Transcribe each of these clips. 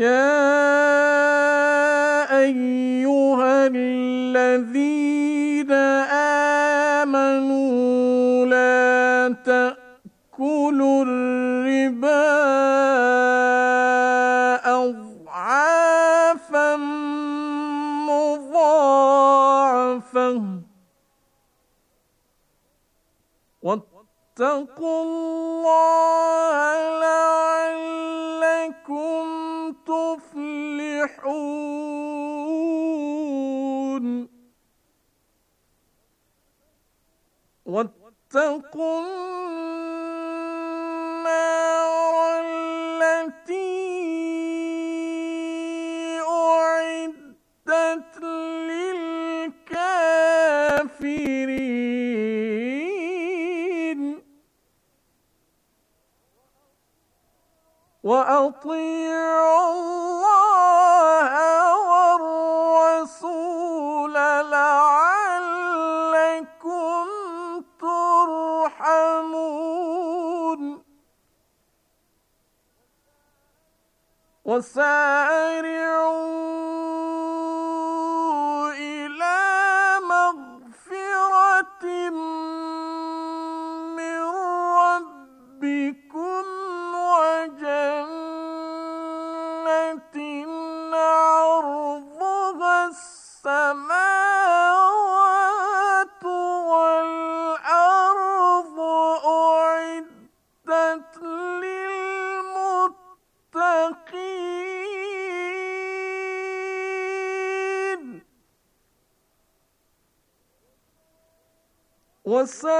يا أيها الذين criança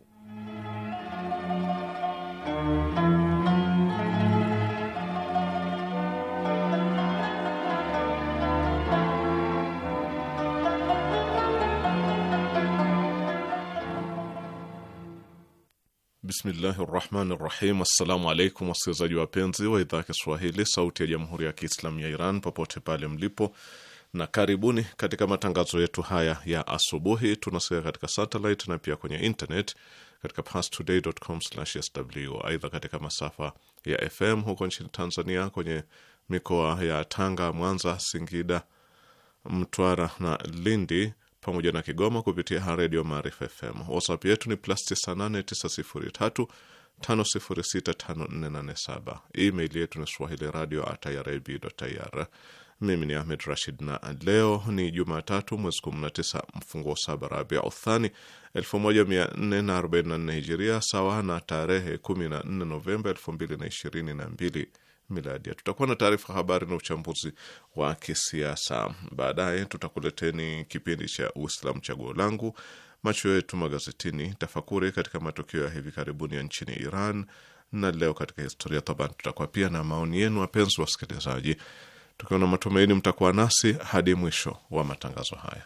Bismillahi rahmani rahim. Assalamu alaikum wasikilizaji wapenzi wa idhaa ya Kiswahili sauti ya jamhuri ya Kiislamu ya Iran popote pale mlipo, na karibuni katika matangazo yetu haya ya asubuhi. Tunasikia katika satelit na pia kwenye internet katika pastodaycom sw Aidha, katika masafa ya FM huko nchini Tanzania kwenye mikoa ya Tanga, Mwanza, Singida, Mtwara na Lindi pamoja na Kigoma kupitia redio Maarifa FM. WhatsApp yetu ni plus 989035065487. Email yetu ni swahili radio irib.ir. Mimi ni Ahmed Rashid na leo ni Jumatatu, mwezi 19 mfungo saba Rabia Uthani 1444 Hijiria, sawa na tarehe 14 Novemba 2022 miladia. Tutakuwa na taarifa habari na uchambuzi wa kisiasa baadaye. Tutakuleteni kipindi cha Uislamu chaguo langu, macho yetu magazetini, tafakuri katika matukio ya hivi karibuni ya nchini Iran na leo katika historia taban. Tutakuwa pia na maoni yenu, wapenzi wasikilizaji, tukiwa na matumaini mtakuwa nasi hadi mwisho wa matangazo haya.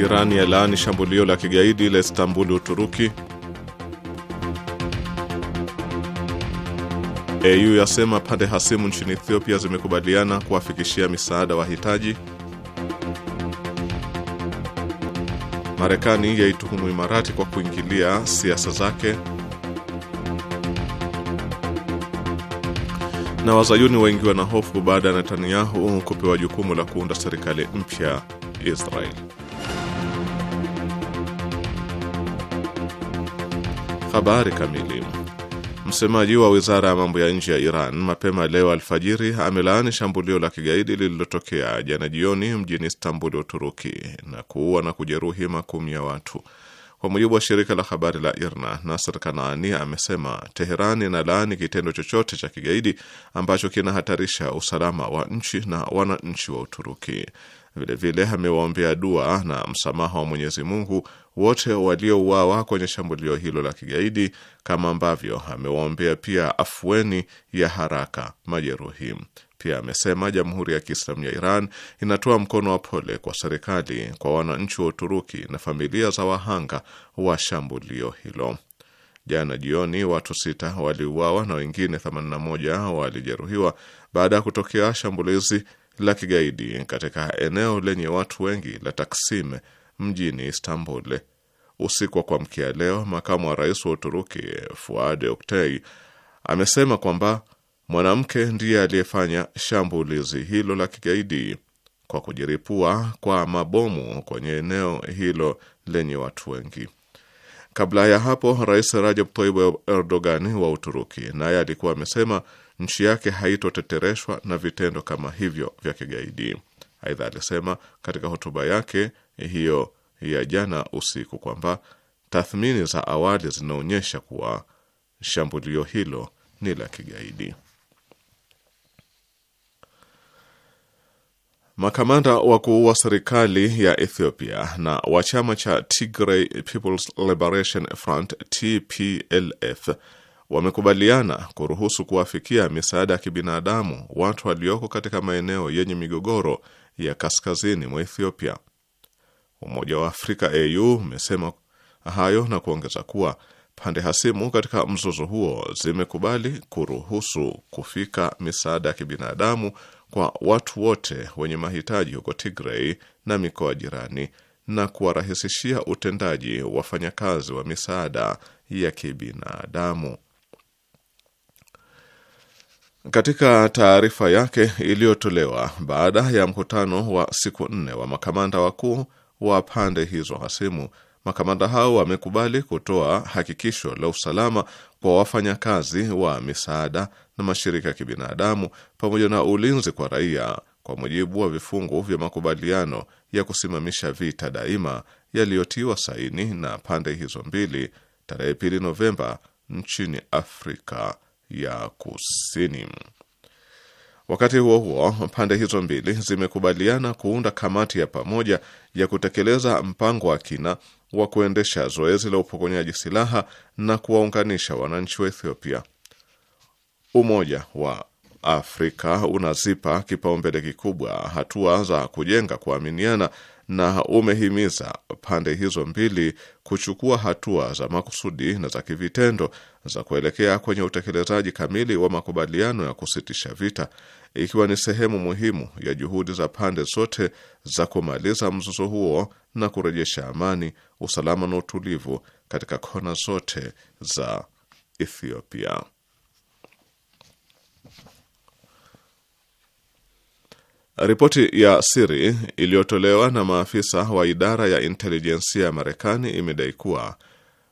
Iran yalaani shambulio la kigaidi la Istanbul, Uturuki. AU yasema pande hasimu nchini Ethiopia zimekubaliana kuwafikishia misaada wahitaji. Marekani yaituhumu Imarati kwa kuingilia siasa zake. Na wazayuni waingiwa na hofu baada ya Netanyahu kupewa jukumu la kuunda serikali mpya Israeli. Habari kamili. Msemaji wa wizara ya mambo ya nje ya Iran mapema leo alfajiri amelaani shambulio la kigaidi lililotokea jana jioni mjini Istanbul, Uturuki, na kuua na kujeruhi makumi ya watu. Kwa mujibu wa shirika la habari la IRNA, Nasser Kanaani amesema teheran inalaani kitendo chochote cha kigaidi ambacho kinahatarisha usalama wa nchi na wananchi wa Uturuki. Vilevile amewaombea dua na msamaha wa Mwenyezi Mungu wote waliouawa kwenye shambulio hilo la kigaidi, kama ambavyo amewaombea pia afueni ya haraka majeruhi. Pia amesema Jamhuri ya Kiislamu ya Iran inatoa mkono wa pole kwa serikali, kwa wananchi wa Uturuki na familia za wahanga wa shambulio hilo. Jana jioni watu sita waliuawa na wengine 81 walijeruhiwa baada ya kutokea shambulizi la kigaidi katika eneo lenye watu wengi la Taksim mjini Istanbul. Usiku wa kuamkia leo, makamu wa rais wa Uturuki Fuad Oktay amesema kwamba mwanamke ndiye aliyefanya shambulizi hilo la kigaidi kwa kujiripua kwa mabomu kwenye eneo hilo lenye watu wengi. Kabla ya hapo, Rais Rajab Tayyip Erdogan wa Uturuki naye alikuwa amesema nchi yake haitotetereshwa na vitendo kama hivyo vya kigaidi. Aidha alisema katika hotuba yake hiyo ya jana usiku kwamba tathmini za awali zinaonyesha kuwa shambulio hilo ni la kigaidi. Makamanda wakuu wa serikali ya Ethiopia na wa chama cha Tigray People's Liberation Front TPLF wamekubaliana kuruhusu kuwafikia misaada ya kibinadamu watu walioko katika maeneo yenye migogoro ya kaskazini mwa Ethiopia. Umoja wa Afrika AU umesema hayo na kuongeza kuwa pande hasimu katika mzozo huo zimekubali kuruhusu kufika misaada ya kibinadamu kwa watu wote wenye mahitaji huko Tigray na mikoa jirani na kuwarahisishia utendaji wafanyakazi wa misaada ya kibinadamu. Katika taarifa yake iliyotolewa baada ya mkutano wa siku nne wa makamanda wakuu wa pande hizo hasimu, makamanda hao wamekubali kutoa hakikisho la usalama kwa wafanyakazi wa misaada na mashirika ya kibinadamu pamoja na ulinzi kwa raia kwa mujibu wa vifungu vya makubaliano ya kusimamisha vita daima yaliyotiwa saini na pande hizo mbili tarehe pili Novemba nchini Afrika ya Kusini. Wakati huo huo, pande hizo mbili zimekubaliana kuunda kamati ya pamoja ya kutekeleza mpango wa kina wa kuendesha zoezi la upokonyaji silaha na kuwaunganisha wananchi wa Ethiopia. Umoja wa Afrika unazipa kipaumbele kikubwa hatua za kujenga kuaminiana na umehimiza pande hizo mbili kuchukua hatua za makusudi na za kivitendo za kuelekea kwenye utekelezaji kamili wa makubaliano ya kusitisha vita, ikiwa ni sehemu muhimu ya juhudi za pande zote za kumaliza mzozo huo na kurejesha amani, usalama na utulivu katika kona zote za Ethiopia. Ripoti ya siri iliyotolewa na maafisa wa idara ya intelijensia ya Marekani imedai kuwa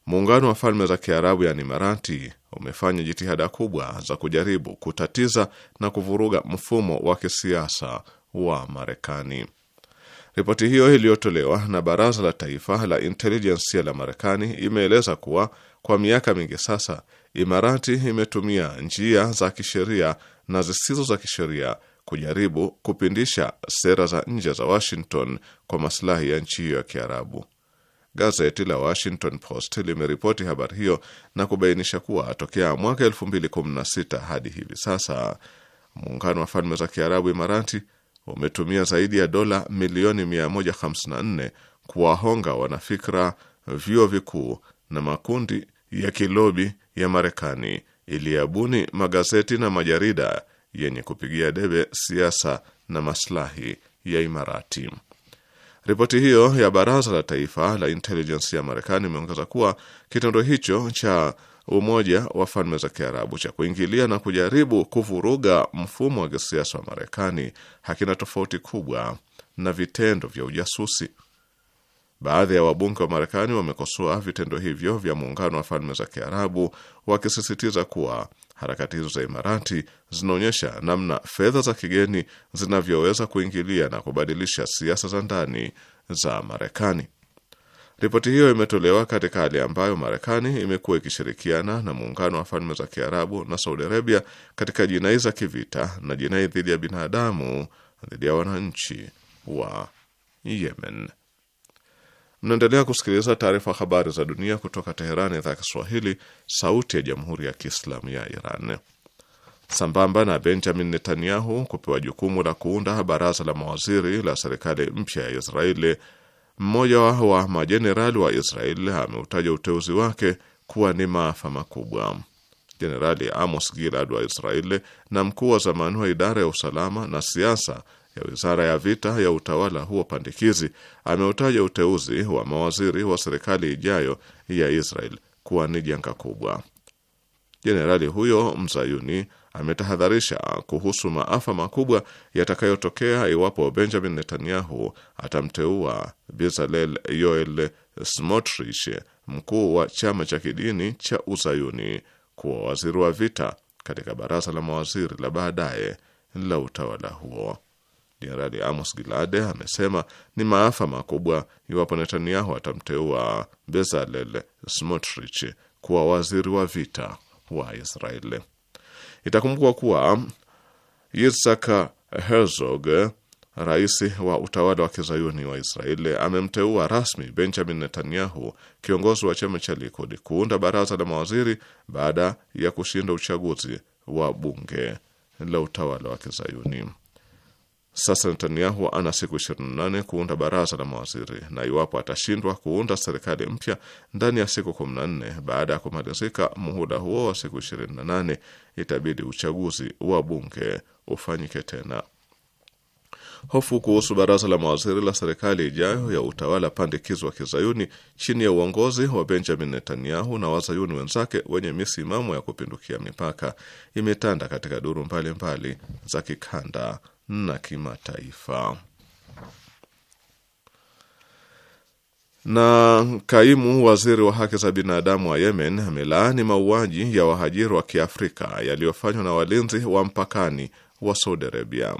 muungano wa falme za Kiarabu yani Imarati umefanya jitihada kubwa za kujaribu kutatiza na kuvuruga mfumo wa kisiasa wa Marekani. Ripoti hiyo iliyotolewa na Baraza la Taifa la Intelijensia la Marekani imeeleza kuwa kwa miaka mingi sasa Imarati imetumia njia za kisheria na zisizo za kisheria kujaribu kupindisha sera za nje za Washington kwa masilahi ya nchi hiyo ya Kiarabu. Gazeti la Washington Post limeripoti habari hiyo na kubainisha kuwa tokea mwaka 2016 hadi hivi sasa muungano wa falme za Kiarabu Imarati umetumia zaidi ya dola milioni 154 kuwahonga wanafikra, vyuo vikuu na makundi ya kilobi ya Marekani iliyabuni magazeti na majarida yenye kupigia debe siasa na maslahi ya Imarati. Ripoti hiyo ya Baraza la Taifa la Intelijensi ya Marekani imeongeza kuwa kitendo hicho cha Umoja wa Falme za Kiarabu cha kuingilia na kujaribu kuvuruga mfumo wa kisiasa wa Marekani hakina tofauti kubwa na vitendo vya ujasusi. Baadhi ya wabunge wa Marekani wamekosoa vitendo hivyo vya muungano wa falme za Kiarabu, wakisisitiza kuwa harakati hizo za Imarati zinaonyesha namna fedha za kigeni zinavyoweza kuingilia na kubadilisha siasa za ndani za Marekani. Ripoti hiyo imetolewa katika hali ambayo Marekani imekuwa ikishirikiana na muungano wa falme za Kiarabu na Saudi Arabia katika jinai za kivita na jinai dhidi ya binadamu dhidi ya wananchi wa Yemen. Mnaendelea kusikiliza taarifa habari za dunia kutoka Teherani, idhaa ya Kiswahili, sauti ya jamhuri ya kiislamu ya Iran. Sambamba na Benjamin Netanyahu kupewa jukumu la kuunda baraza la mawaziri la serikali mpya ya Israeli, mmoja wa majenerali wa israel ameutaja uteuzi wake kuwa ni maafa makubwa. Jenerali Amos Gilad wa Israeli na mkuu wa zamani wa idara ya usalama na siasa ya wizara ya vita ya utawala huo pandikizi ameutaja uteuzi wa mawaziri wa serikali ijayo ya Israel kuwa ni janga kubwa. Jenerali huyo mzayuni ametahadharisha kuhusu maafa makubwa yatakayotokea iwapo Benjamin Netanyahu atamteua Bezalel Yoel Smotrich, mkuu wa chama cha kidini cha uzayuni, kuwa waziri wa vita katika baraza la mawaziri la baadaye la utawala huo. Jenerali Amos Gilade amesema ni maafa makubwa iwapo Netanyahu atamteua Bezalel Smotrich kuwa waziri wa vita wa Israeli. Itakumbukwa kuwa Yitzhak Herzog, rais wa utawala wa kizayuni wa Israeli, amemteua rasmi Benjamin Netanyahu, kiongozi wa chama cha Likudi, kuunda baraza la mawaziri baada ya kushinda uchaguzi wa bunge la utawala wa kizayuni. Sasa Netanyahu ana siku 28 kuunda baraza la mawaziri, na iwapo atashindwa kuunda serikali mpya ndani ya siku 14 baada ya kumalizika muhula huo wa siku 28, itabidi uchaguzi wa bunge ufanyike tena. Hofu kuhusu baraza la mawaziri la serikali ijayo ya utawala pandikizo wa kizayuni chini ya uongozi wa Benjamin Netanyahu na wazayuni wenzake wenye misimamo ya kupindukia mipaka imetanda katika duru mbalimbali za kikanda na kimataifa. Na kaimu waziri wa haki za binadamu wa Yemen amelaani mauaji ya wahajiri wa Kiafrika yaliyofanywa na walinzi wa mpakani wa Saudi Arabia.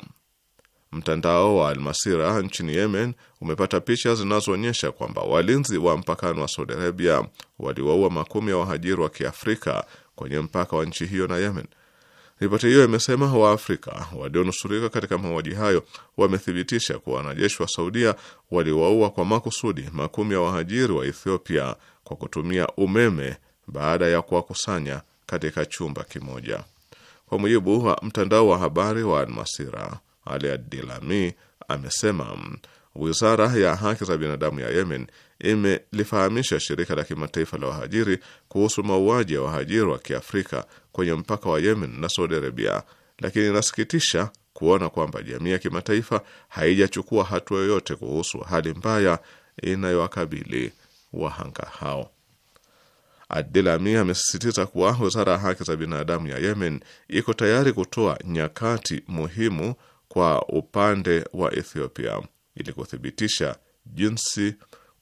Mtandao wa Almasira nchini Yemen umepata picha zinazoonyesha kwamba walinzi wa mpakani wa Saudi Arabia waliwaua makumi ya wahajiri wa Kiafrika kwenye mpaka wa nchi hiyo na Yemen. Ripoti hiyo imesema Waafrika walionusurika katika mauaji hayo wamethibitisha kuwa wanajeshi wa Saudia waliwaua kwa makusudi makumi ya wahajiri wa Ethiopia kwa kutumia umeme baada ya kuwakusanya katika chumba kimoja. Kwa mujibu wa mtandao wa habari wa Almasira, Ali Adilami amesema wizara ya haki za binadamu ya Yemen imelifahamisha shirika la kimataifa la wahajiri kuhusu mauaji ya wahajiri wa kiafrika kwenye mpaka wa Yemen na Saudi Arabia, lakini inasikitisha kuona kwamba jamii ya kimataifa haijachukua hatua yoyote kuhusu hali mbaya inayowakabili wahanga hao. Adilami amesisitiza kuwa wizara ya haki za binadamu ya Yemen iko tayari kutoa nyakati muhimu kwa upande wa Ethiopia ili kuthibitisha jinsi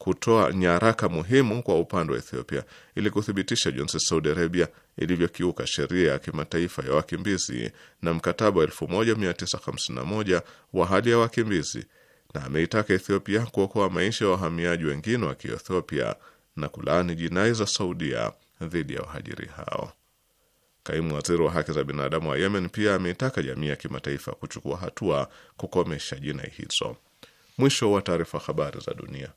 kutoa nyaraka muhimu kwa upande wa Ethiopia ili kuthibitisha jinsi Saudi Arabia ilivyokiuka sheria ya kimataifa ya wakimbizi na mkataba wa 1951 wa hali ya wakimbizi, na ameitaka Ethiopia kuokoa maisha ya wahamiaji wengine wa Kiethiopia na kulaani jinai za Saudia dhidi ya wahajiri hao. Kaimu waziri wa haki za binadamu wa Yemen pia ameitaka jamii ya kimataifa kuchukua hatua kukomesha jinai hizo. Mwisho wa taarifa. Habari za dunia.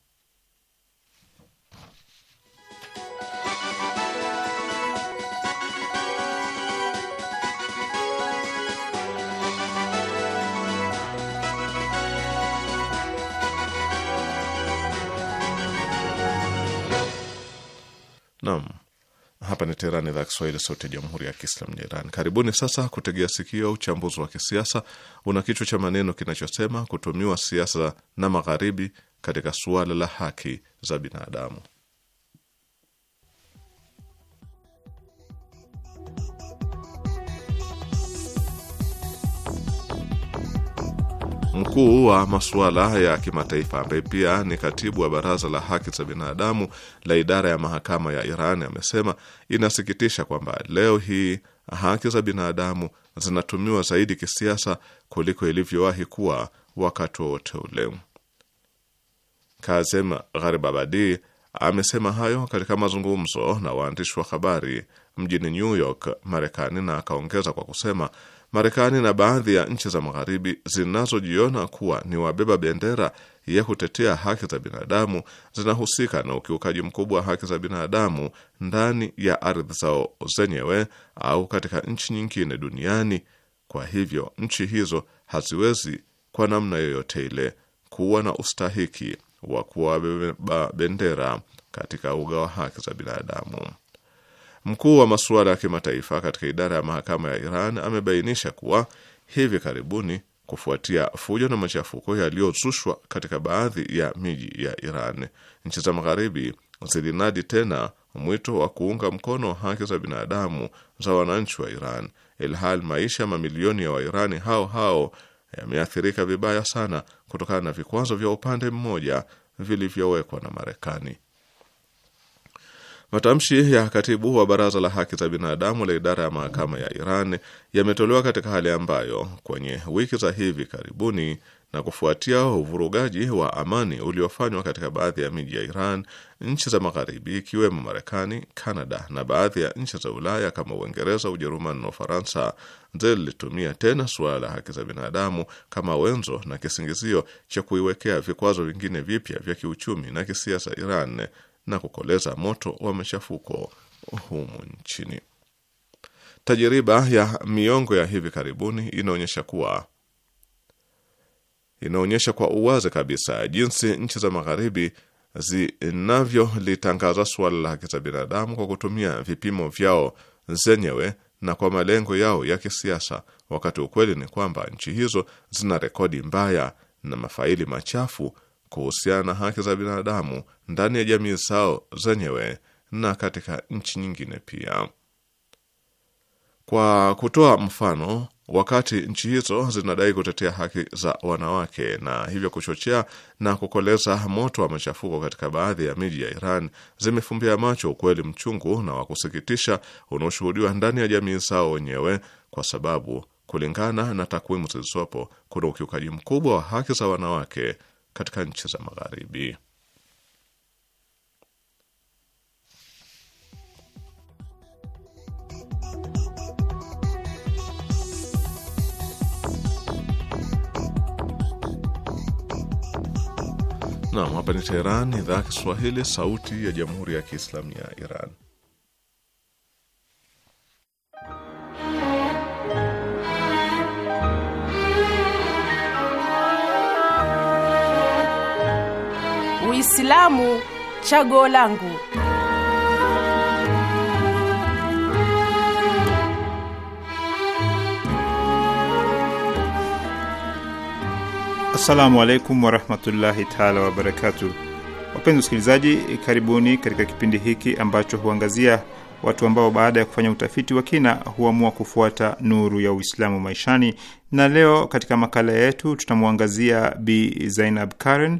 Naam, hapa ni Teherani, idhaa Kiswahili, sauti ya jamhuri ya kiislamu ya Iran. Karibuni sasa kutegea sikio uchambuzi wa kisiasa una kichwa cha maneno kinachosema kutumiwa siasa na magharibi katika suala la haki za binadamu. mkuu wa masuala ya kimataifa ambaye pia ni katibu wa baraza la haki za binadamu la idara ya mahakama ya Iran amesema inasikitisha kwamba leo hii haki za binadamu zinatumiwa zaidi kisiasa kuliko ilivyowahi kuwa wakati wowote ule. Kazem Gharibabadi amesema hayo katika mazungumzo na waandishi wa habari mjini New York, Marekani, na akaongeza kwa kusema Marekani na baadhi ya nchi za Magharibi zinazojiona kuwa ni wabeba bendera ya kutetea haki za binadamu zinahusika na ukiukaji mkubwa wa haki za binadamu ndani ya ardhi zao zenyewe au katika nchi nyingine duniani. Kwa hivyo nchi hizo haziwezi kwa namna yoyote ile kuwa na ustahiki wa kuwabeba bendera katika uga wa haki za binadamu. Mkuu wa masuala ya kimataifa katika idara ya mahakama ya Iran amebainisha kuwa hivi karibuni, kufuatia fujo na machafuko yaliyozushwa katika baadhi ya miji ya Iran, nchi za magharibi zilinadi tena mwito wa kuunga mkono haki za binadamu za wananchi wa Iran, ilhal maisha mamilioni ya Wairani hao hao yameathirika vibaya sana kutokana na vikwazo vya upande mmoja vilivyowekwa na Marekani. Matamshi ya katibu wa baraza la haki za binadamu la idara ya mahakama ya Iran yametolewa katika hali ambayo kwenye wiki za hivi karibuni na kufuatia uvurugaji wa amani uliofanywa katika baadhi ya miji ya Iran, nchi za magharibi ikiwemo Marekani, Kanada na baadhi ya nchi za Ulaya kama Uingereza, Ujerumani na Ufaransa zilitumia tena suala la haki za binadamu kama wenzo na kisingizio cha kuiwekea vikwazo vingine vipya vya kiuchumi na kisiasa Iran na kukoleza moto wa machafuko humu nchini. Tajiriba ya miongo ya hivi karibuni inaonyesha kuwa inaonyesha kwa uwazi kabisa jinsi nchi za magharibi zinavyolitangaza suala la haki za binadamu kwa kutumia vipimo vyao zenyewe na kwa malengo yao ya kisiasa, wakati ukweli ni kwamba nchi hizo zina rekodi mbaya na mafaili machafu kuhusiana na haki za binadamu ndani ya jamii zao zenyewe na katika nchi nyingine pia. Kwa kutoa mfano, wakati nchi hizo zinadai kutetea haki za wanawake na hivyo kuchochea na kukoleza moto wa machafuko katika baadhi ya miji ya Iran, zimefumbia macho ukweli mchungu na wa kusikitisha unaoshuhudiwa ndani ya jamii zao wenyewe, kwa sababu kulingana na takwimu zilizopo kuna ukiukaji mkubwa wa haki za wanawake katika nchi za Magharibi. Nam, hapa ni Teheran, idhaa ya Kiswahili, sauti ya jamhuri ya kiislamu ya Iran. Uislamu chaguo langu. Assalamu alaikum warahmatullahi taala wabarakatu. Wapenzi wasikilizaji, karibuni katika kipindi hiki ambacho huangazia watu ambao baada ya kufanya utafiti wa kina huamua kufuata nuru ya Uislamu maishani. Na leo katika makala yetu tutamwangazia Bi Zainab Karen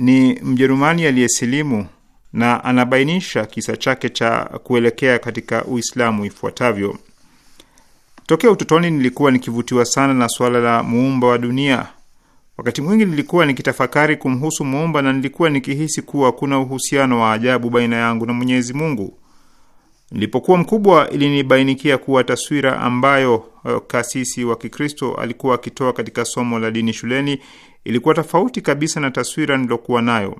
ni Mjerumani aliyesilimu na anabainisha kisa chake cha kuelekea katika Uislamu ifuatavyo: tokea utotoni nilikuwa nikivutiwa sana na suala la muumba wa dunia. Wakati mwingi nilikuwa nikitafakari kumhusu muumba na nilikuwa nikihisi kuwa kuna uhusiano wa ajabu baina yangu na Mwenyezi Mungu. Nilipokuwa mkubwa, ilinibainikia kuwa taswira ambayo eh, kasisi wa Kikristo alikuwa akitoa katika somo la dini shuleni ilikuwa tofauti kabisa na taswira nilokuwa nayo.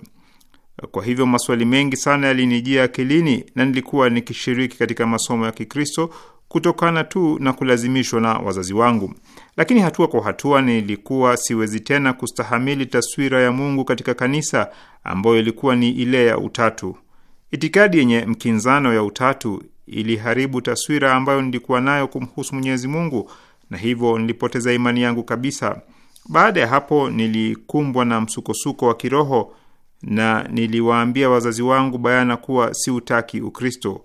Kwa hivyo maswali mengi sana yalinijia akilini na nilikuwa nikishiriki katika masomo ya Kikristo kutokana tu na kulazimishwa na wazazi wangu, lakini hatua kwa hatua nilikuwa siwezi tena kustahamili taswira ya Mungu katika kanisa ambayo ilikuwa ni ile ya utatu. Itikadi yenye mkinzano ya utatu iliharibu taswira ambayo nilikuwa nayo kumhusu Mwenyezi Mungu, na hivyo nilipoteza imani yangu kabisa. Baada ya hapo nilikumbwa na msukosuko wa kiroho na niliwaambia wazazi wangu bayana kuwa si utaki Ukristo.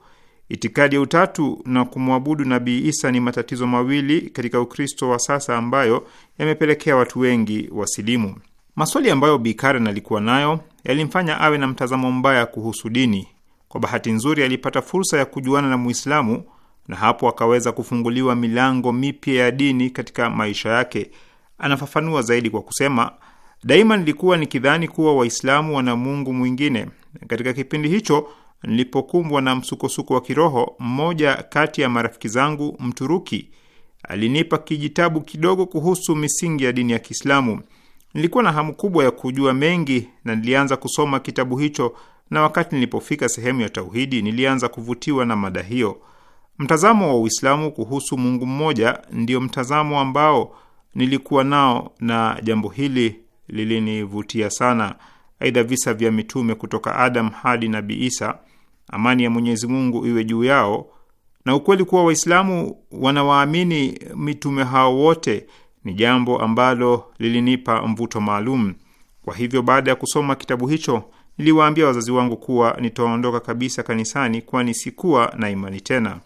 Itikadi ya utatu na kumwabudu Nabii Isa ni matatizo mawili katika Ukristo wa sasa ambayo yamepelekea watu wengi wasilimu. Maswali ambayo Bi Karen alikuwa nayo yalimfanya awe na mtazamo mbaya kuhusu dini. Kwa bahati nzuri, alipata fursa ya kujuana na Muislamu na hapo akaweza kufunguliwa milango mipya ya dini katika maisha yake anafafanua zaidi kwa kusema, daima nilikuwa nikidhani kuwa Waislamu wana Mungu mwingine. Katika kipindi hicho nilipokumbwa na msukosuko wa kiroho, mmoja kati ya marafiki zangu Mturuki alinipa kijitabu kidogo kuhusu misingi ya dini ya Kiislamu. Nilikuwa na hamu kubwa ya kujua mengi na nilianza kusoma kitabu hicho, na wakati nilipofika sehemu ya tauhidi, nilianza kuvutiwa na mada hiyo. Mtazamo wa Uislamu kuhusu Mungu mmoja ndio mtazamo ambao nilikuwa nao na jambo hili lilinivutia sana. Aidha, visa vya mitume kutoka Adam hadi Nabii Isa, amani ya Mwenyezi Mungu iwe juu yao, na ukweli kuwa Waislamu wanawaamini mitume hao wote ni jambo ambalo lilinipa mvuto maalum. Kwa hivyo, baada ya kusoma kitabu hicho niliwaambia wazazi wangu kuwa nitaondoka kabisa kanisani, kwani sikuwa na imani tena.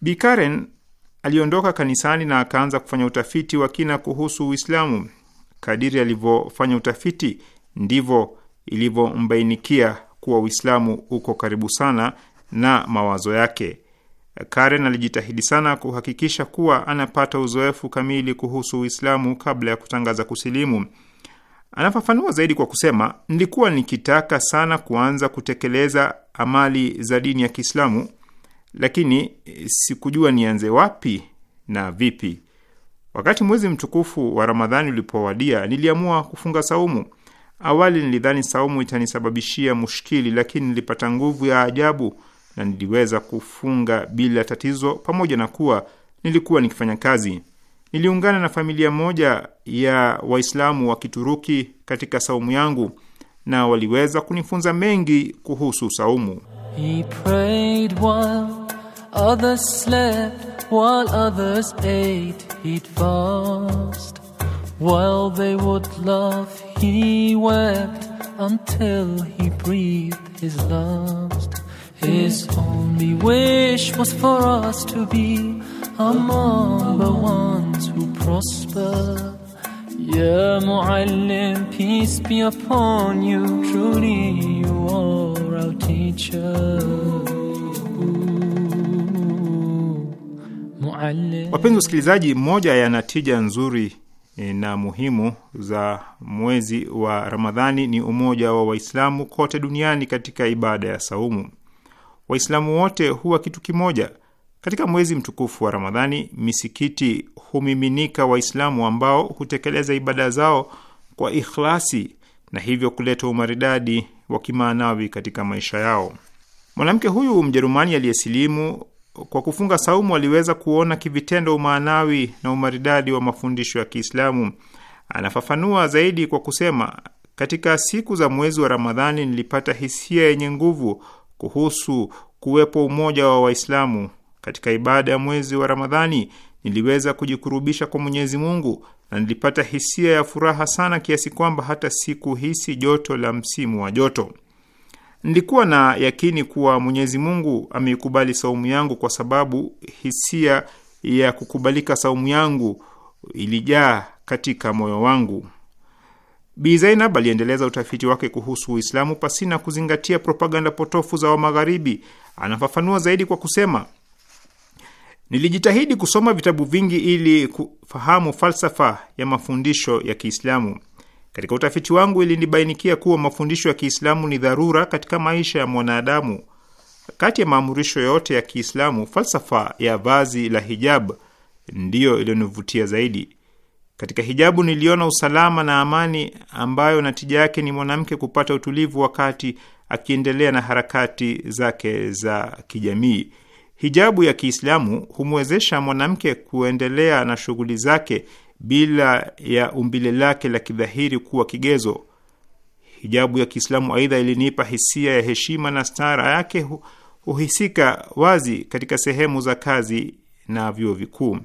Bikaren aliondoka kanisani na akaanza kufanya utafiti wa kina kuhusu Uislamu. Kadiri alivyofanya utafiti, ndivyo ilivyombainikia kuwa Uislamu uko karibu sana na mawazo yake. Karen alijitahidi sana kuhakikisha kuwa anapata uzoefu kamili kuhusu Uislamu kabla ya kutangaza kusilimu. Anafafanua zaidi kwa kusema, nilikuwa nikitaka sana kuanza kutekeleza amali za dini ya Kiislamu lakini eh, sikujua nianze wapi na vipi. Wakati mwezi mtukufu wa Ramadhani ulipowadia, niliamua kufunga saumu. Awali nilidhani saumu itanisababishia mushkili, lakini nilipata nguvu ya ajabu na niliweza kufunga bila tatizo, pamoja na kuwa nilikuwa nikifanya kazi. Niliungana na familia moja ya Waislamu wa Kituruki katika saumu yangu na waliweza kunifunza mengi kuhusu saumu. He prayed while others slept, while others ate, he'd fast. While they would laugh, he wept until he breathed his last. His only wish was for us to be among the ones who prosper. peace be upon you. Truly, you are our teacher. Wapenzi wasikilizaji, moja ya natija nzuri e, na muhimu za mwezi wa Ramadhani ni umoja wa Waislamu kote duniani katika ibada ya saumu. Waislamu wote huwa kitu kimoja katika mwezi mtukufu wa Ramadhani. Misikiti humiminika Waislamu ambao hutekeleza ibada zao kwa ikhlasi na hivyo kuleta umaridadi wa kimaanawi katika maisha yao. Mwanamke huyu Mjerumani aliyesilimu kwa kufunga saumu aliweza kuona kivitendo umaanawi na umaridadi wa mafundisho ya Kiislamu. Anafafanua zaidi kwa kusema, katika siku za mwezi wa Ramadhani nilipata hisia yenye nguvu kuhusu kuwepo umoja wa Waislamu katika ibada ya mwezi wa Ramadhani niliweza kujikurubisha kwa Mwenyezi Mungu na nilipata hisia ya furaha sana kiasi kwamba hata sikuhisi joto la msimu wa joto. Nilikuwa na yakini kuwa Mwenyezi Mungu ameikubali saumu yangu kwa sababu hisia ya kukubalika saumu yangu ilijaa katika moyo wangu. Bi Zainab aliendeleza utafiti wake kuhusu Uislamu pasina kuzingatia propaganda potofu za Wamagharibi. Anafafanua zaidi kwa kusema Nilijitahidi kusoma vitabu vingi ili kufahamu falsafa ya mafundisho ya Kiislamu. Katika utafiti wangu ilinibainikia kuwa mafundisho ya Kiislamu ni dharura katika maisha ya mwanadamu. Kati ya maamurisho yote ya Kiislamu, falsafa ya vazi la hijab ndiyo iliyonivutia zaidi. Katika hijabu niliona usalama na amani, ambayo natija yake ni mwanamke kupata utulivu wakati akiendelea na harakati zake za kijamii hijabu ya Kiislamu humwezesha mwanamke kuendelea na shughuli zake bila ya umbile lake la kidhahiri kuwa kigezo. Hijabu ya Kiislamu aidha, ilinipa hisia ya heshima na stara yake huhisika wazi katika sehemu za kazi na vyuo vikuu.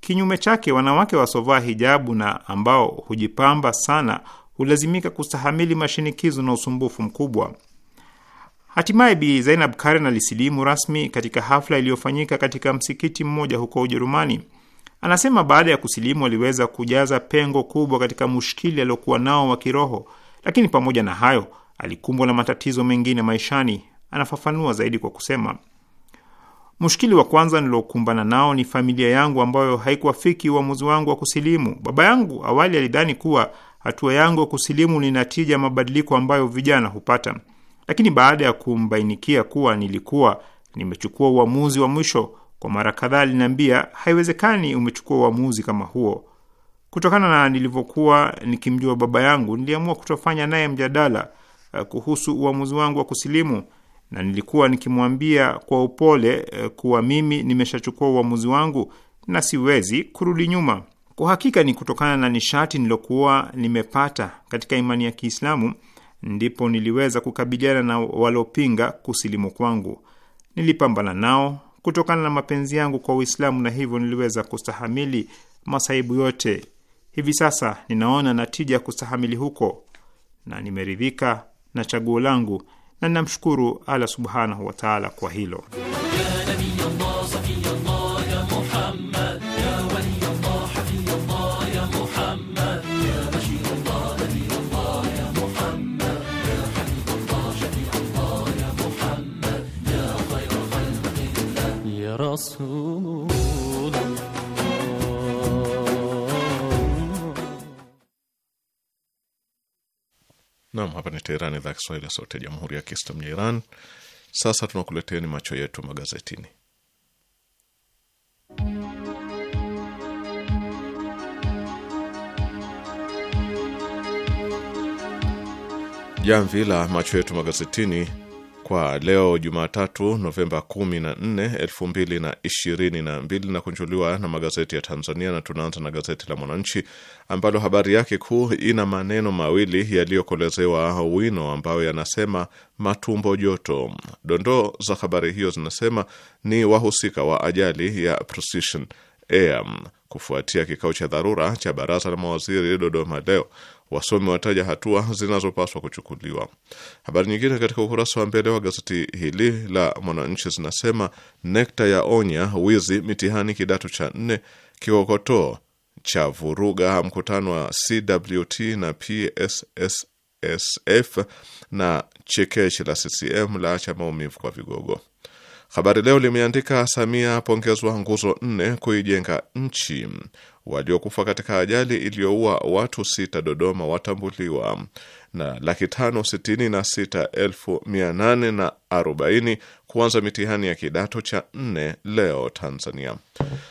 Kinyume chake, wanawake wasovaa hijabu na ambao hujipamba sana hulazimika kustahamili mashinikizo na usumbufu mkubwa. Hatimaye Bi Zainab Karen alisilimu rasmi katika hafla iliyofanyika katika msikiti mmoja huko Ujerumani. Anasema baada ya kusilimu aliweza kujaza pengo kubwa katika mushkili aliokuwa nao wa kiroho, lakini pamoja na hayo alikumbwa na matatizo mengine maishani. Anafafanua zaidi kwa kusema, mushkili wa kwanza nilokumbana nao ni familia yangu ambayo haikuwafiki uamuzi wa wangu wa kusilimu. Baba yangu awali alidhani kuwa hatua yangu ya kusilimu ni natija ya mabadiliko ambayo vijana hupata lakini baada ya kumbainikia kuwa nilikuwa nimechukua uamuzi wa mwisho kwa mara kadhaa aliniambia, haiwezekani umechukua uamuzi kama huo. Kutokana na nilivyokuwa nikimjua baba yangu, niliamua kutofanya naye mjadala eh, kuhusu uamuzi wangu wa kusilimu, na nilikuwa nikimwambia kwa upole eh, kuwa mimi nimeshachukua uamuzi wangu na siwezi kurudi nyuma. Kwa hakika ni kutokana na nishati nilokuwa nimepata katika imani ya Kiislamu ndipo niliweza kukabiliana na walopinga kusilimu kwangu. Nilipambana nao kutokana na mapenzi yangu kwa Uislamu na hivyo niliweza kustahamili masaibu yote. Hivi sasa ninaona natija ya kustahamili huko na nimeridhika na chaguo langu na ninamshukuru Allah subhanahu wataala kwa hilo. Resulullah Nam, hapa ni Teherani, idhaa ya Kiswahili, sauti ya jamhuri ya kiislamu ya Iran. Sasa tunakuleteni macho yetu magazetini. Jamvi la macho yetu magazetini kwa leo Jumatatu Novemba 14, 2022 na kunjuliwa na magazeti ya Tanzania, na tunaanza na gazeti la Mwananchi ambalo habari yake kuu ina maneno mawili yaliyokolezewa wino ambayo yanasema matumbo joto. Dondoo za habari hiyo zinasema ni wahusika wa ajali ya Precision Air kufuatia kikao cha dharura cha baraza la mawaziri Dodoma leo Wasomi wataja hatua zinazopaswa kuchukuliwa. Habari nyingine katika ukurasa wa mbele wa gazeti hili la Mwananchi zinasema nekta ya onya wizi mitihani kidato cha nne, kikokotoo cha vuruga mkutano wa CWT na PSSSF na chekechi la CCM la acha maumivu kwa vigogo. Habari Leo limeandika Samia apongezwa nguzo nne kuijenga nchi waliokufa katika ajali iliyoua watu sita Dodoma watambuliwa, na laki tano sitini na sita elfu mia nane na arobaini kuanza mitihani ya kidato cha nne leo Tanzania.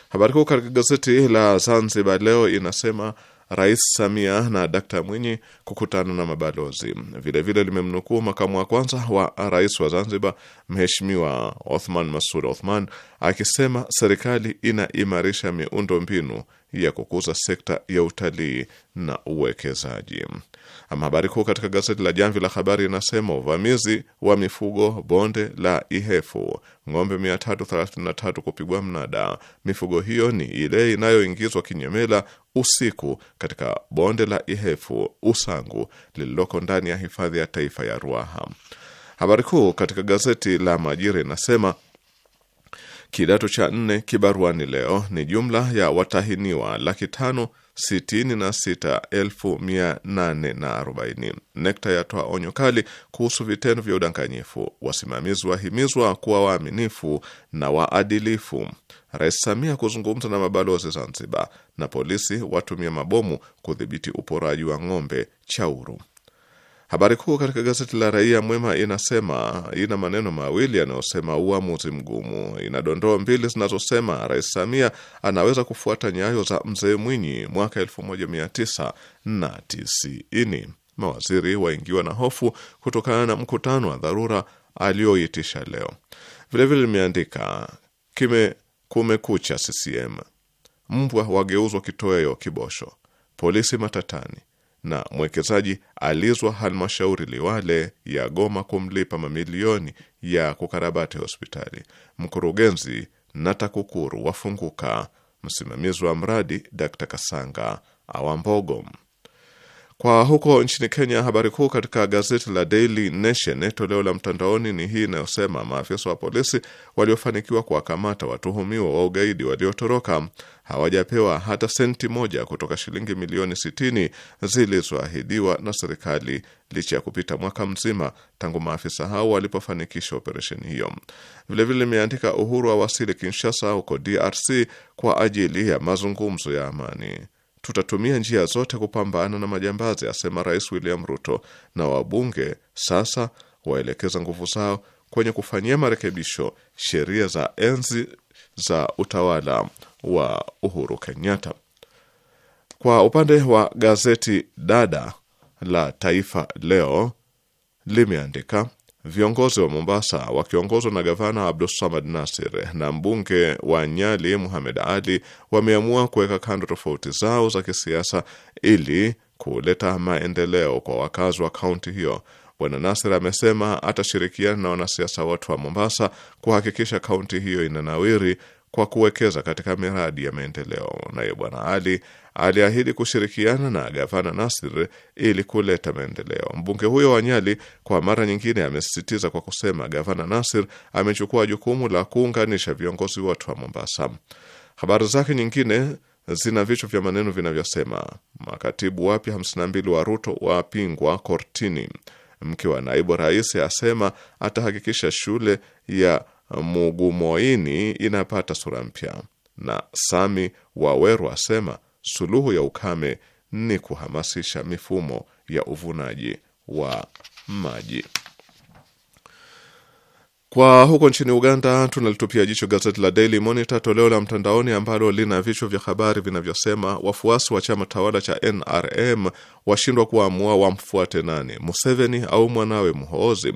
Habari kuu katika gazeti la Zanzibar leo inasema Rais Samia na Dakta Mwinyi kukutana na mabalozi. Vilevile limemnukuu makamu wa kwanza wa rais wa Zanzibar, Mheshimiwa Othman Masud Othman akisema serikali inaimarisha miundo mbinu ya kukuza sekta ya utalii na uwekezaji. Ama habari kuu katika gazeti la Jamvi la Habari inasema uvamizi wa mifugo bonde la Ihefu, ng'ombe 333 kupigwa mnada. Mifugo hiyo ni ile inayoingizwa kinyemela usiku katika bonde la Ihefu Usangu lililoko ndani ya hifadhi ya taifa ya Ruaha. Habari kuu katika gazeti la Majira inasema kidato cha nne kibaruani leo ni jumla ya watahiniwa laki tano 66840. NECTA yatoa onyo kali kuhusu vitendo vya udanganyifu. Wasimamizi wahimizwa kuwa waaminifu na waadilifu. Rais Samia kuzungumza na mabalozi Zanzibar, na polisi watumia mabomu kudhibiti uporaji wa ng'ombe Chauru. Habari kuu katika gazeti la Raia Mwema inasema ina maneno mawili yanayosema uamuzi mgumu. Ina dondoo mbili zinazosema Rais Samia anaweza kufuata nyayo za Mzee Mwinyi mwaka 1990. Mawaziri waingiwa na hofu kutokana na mkutano wa dharura alioitisha leo. Vilevile limeandika kime kumekucha CCM, mbwa wageuzwa kitoweo kibosho, polisi matatani na mwekezaji alizwa halmashauri Liwale ya Goma kumlipa mamilioni ya kukarabati hospitali. Mkurugenzi na TAKUKURU wafunguka. Msimamizi wa mradi Dr. Kasanga Awambogo. Kwa huko nchini Kenya, habari kuu katika gazeti la Daily Nation toleo la mtandaoni ni hii inayosema maafisa wa polisi waliofanikiwa kuwakamata watuhumiwa wa ugaidi waliotoroka hawajapewa hata senti moja kutoka shilingi milioni 60 zilizoahidiwa na serikali licha ya kupita mwaka mzima tangu maafisa hao walipofanikisha operesheni hiyo. Vilevile limeandika Uhuru awasili Kinshasa huko DRC kwa ajili ya mazungumzo ya amani. Tutatumia njia zote kupambana na majambazi, asema Rais William Ruto, na wabunge sasa waelekeza nguvu zao kwenye kufanyia marekebisho sheria za enzi za utawala wa Uhuru Kenyatta. Kwa upande wa gazeti dada la Taifa Leo limeandika viongozi wa Mombasa wakiongozwa na gavana Abdulsamad Nasir na mbunge wa Nyali Muhamed Ali wameamua kuweka kando tofauti zao za kisiasa ili kuleta maendeleo kwa wakazi wa kaunti hiyo. Bwana Nasir amesema atashirikiana na wanasiasa wote wa Mombasa kuhakikisha kaunti hiyo inanawiri kwa kuwekeza katika miradi ya maendeleo. Naye Bwana Ali aliahidi kushirikiana na gavana Nasir ili kuleta maendeleo. Mbunge huyo wa Nyali kwa mara nyingine amesisitiza kwa kusema gavana Nasir amechukua jukumu la kuunganisha viongozi wote wa Mombasa. Habari zake nyingine zina vichwa vya maneno vinavyosema makatibu wapya 52 wa Ruto wapingwa kortini, mke wa naibu rais asema atahakikisha shule ya Mugumoini inapata sura mpya, na Sami Waweru asema suluhu ya ukame ni kuhamasisha mifumo ya uvunaji wa maji. Kwa huko nchini Uganda, tunalitupia jicho gazeti la Daily Monitor toleo la mtandaoni ambalo lina vichwa vya habari vinavyosema wafuasi wa chama tawala cha NRM washindwa kuamua wamfuate nani, Museveni au mwanawe Muhoozi.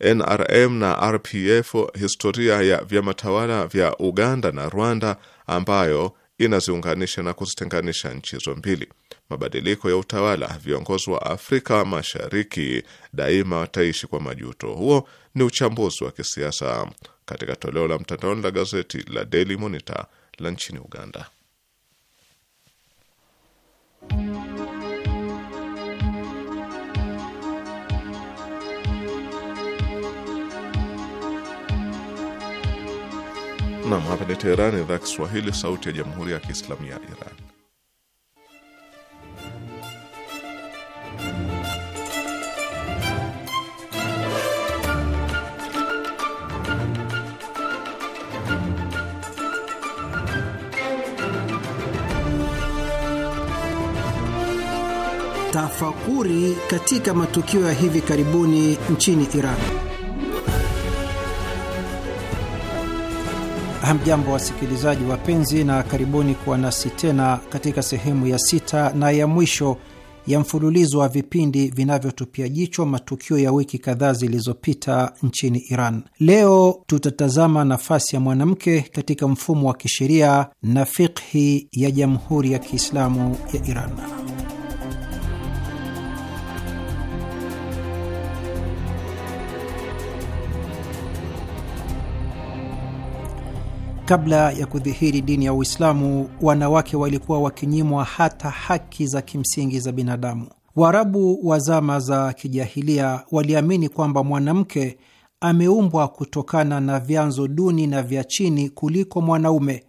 NRM na RPF historia ya vyama tawala vya Uganda na Rwanda ambayo inaziunganisha na kuzitenganisha nchi hizo mbili. Mabadiliko ya utawala, viongozi wa Afrika Mashariki daima wataishi kwa majuto. Huo ni uchambuzi wa kisiasa katika toleo la mtandaoni la gazeti la Daily Monitor la nchini Uganda. Nam, hapa ni Teherani, idhaa Kiswahili, sauti ya jamhuri ya kiislamu ya Iran. Tafakuri katika matukio ya hivi karibuni nchini Iran. Hamjambo wasikilizaji wapenzi, na karibuni kuwa nasi tena katika sehemu ya sita na ya mwisho ya mfululizo wa vipindi vinavyotupia jicho matukio ya wiki kadhaa zilizopita nchini Iran. Leo tutatazama nafasi ya mwanamke katika mfumo wa kisheria na fikhi ya Jamhuri ya Kiislamu ya Iran. Kabla ya kudhihiri dini ya Uislamu, wanawake walikuwa wakinyimwa hata haki za kimsingi za binadamu. Waarabu wa zama za kijahilia waliamini kwamba mwanamke ameumbwa kutokana na vyanzo duni na vya chini kuliko mwanaume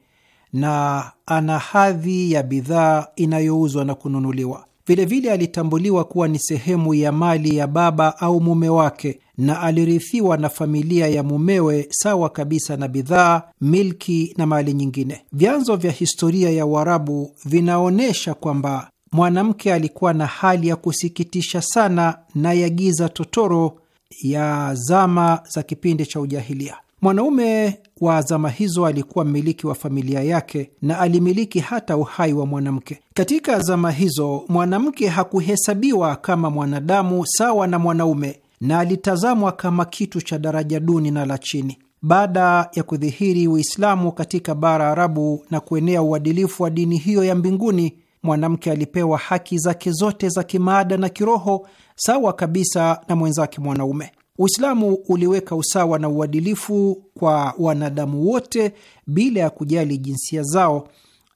na ana hadhi ya bidhaa inayouzwa na kununuliwa. Vilevile alitambuliwa kuwa ni sehemu ya mali ya baba au mume wake na alirithiwa na familia ya mumewe sawa kabisa na bidhaa, milki na mali nyingine. Vyanzo vya historia ya Uarabu vinaonyesha kwamba mwanamke alikuwa na hali ya kusikitisha sana na ya giza totoro ya zama za kipindi cha ujahilia. Mwanaume wa zama hizo alikuwa mmiliki wa familia yake na alimiliki hata uhai wa mwanamke. Katika zama hizo, mwanamke hakuhesabiwa kama mwanadamu sawa na mwanaume na alitazamwa kama kitu cha daraja duni na la chini. Baada ya kudhihiri Uislamu katika bara Arabu na kuenea uadilifu wa dini hiyo ya mbinguni, mwanamke alipewa haki zake zote za kimaada na kiroho sawa kabisa na mwenzake mwanaume. Uislamu uliweka usawa na uadilifu kwa wanadamu wote bila ya kujali jinsia zao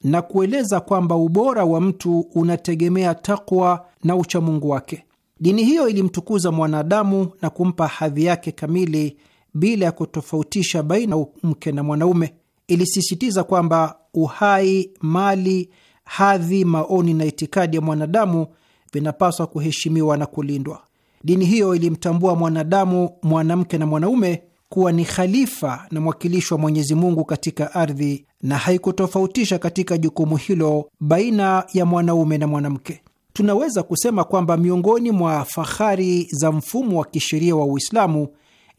na kueleza kwamba ubora wa mtu unategemea takwa na uchamungu wake. Dini hiyo ilimtukuza mwanadamu na kumpa hadhi yake kamili bila ya kutofautisha baina mke na mwanaume. Ilisisitiza kwamba uhai, mali, hadhi, maoni na itikadi ya mwanadamu vinapaswa kuheshimiwa na kulindwa. Dini hiyo ilimtambua mwanadamu, mwanamke na mwanaume kuwa ni khalifa na mwakilishi wa Mwenyezi Mungu katika ardhi na haikutofautisha katika jukumu hilo baina ya mwanaume na mwanamke tunaweza kusema kwamba miongoni mwa fahari za mfumo wa kisheria wa Uislamu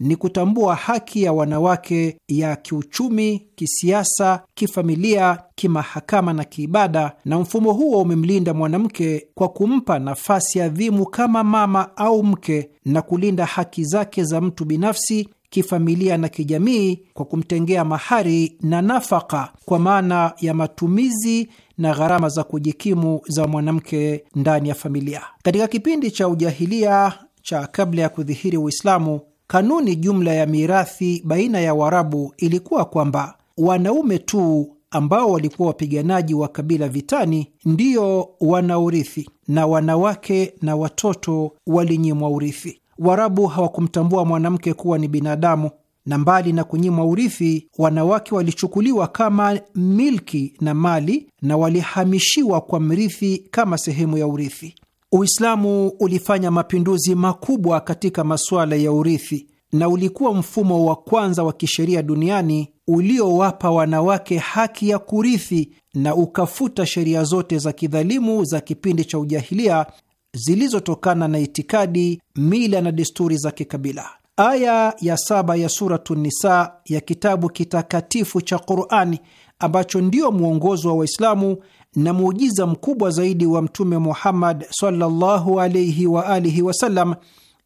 ni kutambua haki ya wanawake ya kiuchumi, kisiasa, kifamilia, kimahakama na kiibada, na mfumo huo umemlinda mwanamke kwa kumpa nafasi adhimu kama mama au mke na kulinda haki zake za mtu binafsi, kifamilia na kijamii kwa kumtengea mahari na nafaka kwa maana ya matumizi na gharama za kujikimu za mwanamke ndani ya familia. Katika kipindi cha ujahilia cha kabla ya kudhihiri Uislamu, kanuni jumla ya mirathi baina ya Waarabu ilikuwa kwamba wanaume tu ambao walikuwa wapiganaji wa kabila vitani ndiyo wanaurithi na wanawake na watoto walinyimwa urithi. Waarabu hawakumtambua mwanamke kuwa ni binadamu na mbali na kunyimwa urithi, wanawake walichukuliwa kama milki na mali na walihamishiwa kwa mrithi kama sehemu ya urithi. Uislamu ulifanya mapinduzi makubwa katika masuala ya urithi na ulikuwa mfumo wa kwanza wa kisheria duniani uliowapa wanawake haki ya kurithi na ukafuta sheria zote za kidhalimu za kipindi cha ujahilia zilizotokana na itikadi, mila na desturi za kikabila. Aya ya saba ya Suratu Nisa ya kitabu kitakatifu cha Qurani ambacho ndio mwongozo wa Waislamu na muujiza mkubwa zaidi wa Mtume Muhammad sallallahu alaihi wa alihi wasallam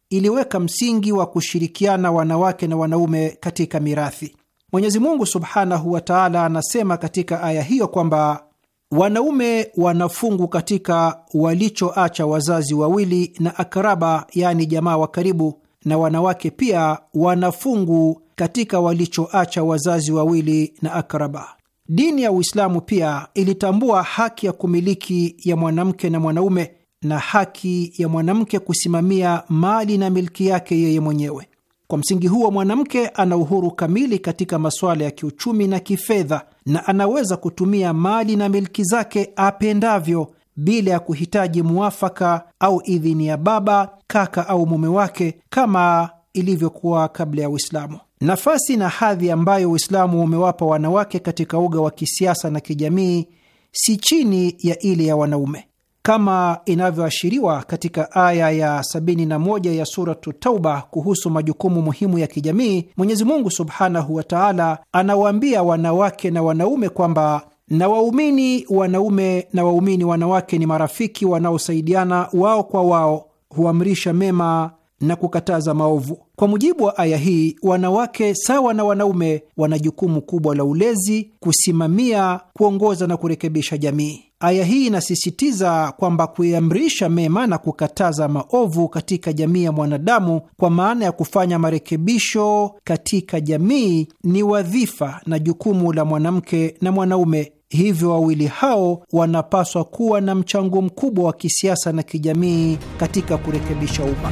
iliweka msingi wa kushirikiana wanawake na wanaume katika mirathi. Mwenyezi Mungu subhanahu wa taala anasema katika aya hiyo kwamba wanaume wanafungu katika walichoacha wazazi wawili na akraba, yaani jamaa wa karibu na wanawake pia wanafungu katika walichoacha wazazi wawili na akraba. Dini ya Uislamu pia ilitambua haki ya kumiliki ya mwanamke na mwanaume na haki ya mwanamke kusimamia mali na milki yake yeye mwenyewe. Kwa msingi huo, mwanamke ana uhuru kamili katika masuala ya kiuchumi na kifedha, na anaweza kutumia mali na milki zake apendavyo bila ya kuhitaji muwafaka au idhini ya baba, kaka au mume wake kama ilivyokuwa kabla ya Uislamu. Nafasi na hadhi ambayo Uislamu umewapa wanawake katika uga wa kisiasa na kijamii si chini ya ile ya wanaume kama inavyoashiriwa katika aya ya 71 ya Suratu Tauba kuhusu majukumu muhimu ya kijamii. Mwenyezi Mungu subhanahu wa taala anawaambia wanawake na wanaume kwamba na waumini wanaume na waumini wanawake ni marafiki wanaosaidiana wao kwa wao, huamrisha mema na kukataza maovu. Kwa mujibu wa aya hii, wanawake sawa na wanaume wana jukumu kubwa la ulezi, kusimamia, kuongoza na kurekebisha jamii. Aya hii inasisitiza kwamba kuiamrisha mema na kukataza maovu katika jamii ya mwanadamu, kwa maana ya kufanya marekebisho katika jamii, ni wadhifa na jukumu la mwanamke na mwanaume Hivyo wawili hao wanapaswa kuwa na mchango mkubwa wa kisiasa na kijamii katika kurekebisha umma.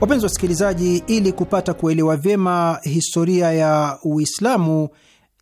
Wapenzi wasikilizaji, ili kupata kuelewa vyema historia ya Uislamu